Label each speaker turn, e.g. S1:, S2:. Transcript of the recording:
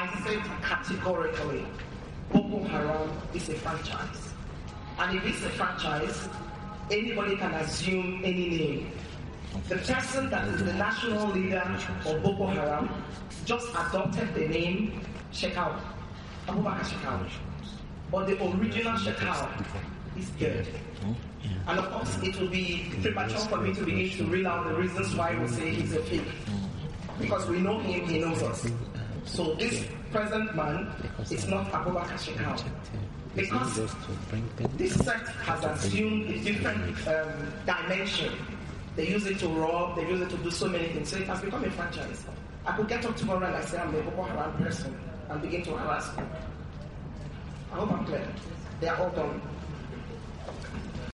S1: I said categorically, Boko Haram is a franchise. And if it's a franchise, anybody can assume any name. The person that is the national leader of Boko Haram just adopted the name Shekau, Abubakar Shekau. But the original Shekau is dead. And of course, it will be premature for me to begin to reel out the reasons why we say he's a fake. Because we know him, he knows us. So this present man is not Abu Bakr Shekau. Because this sect has assumed a different um, dimension. They use it to rob, they use it to do so many things. So it has become a franchise. I could get up tomorrow and I say I'm the Boko Haram person
S2: and begin to harass them. I hope I'm clear. They are all gone.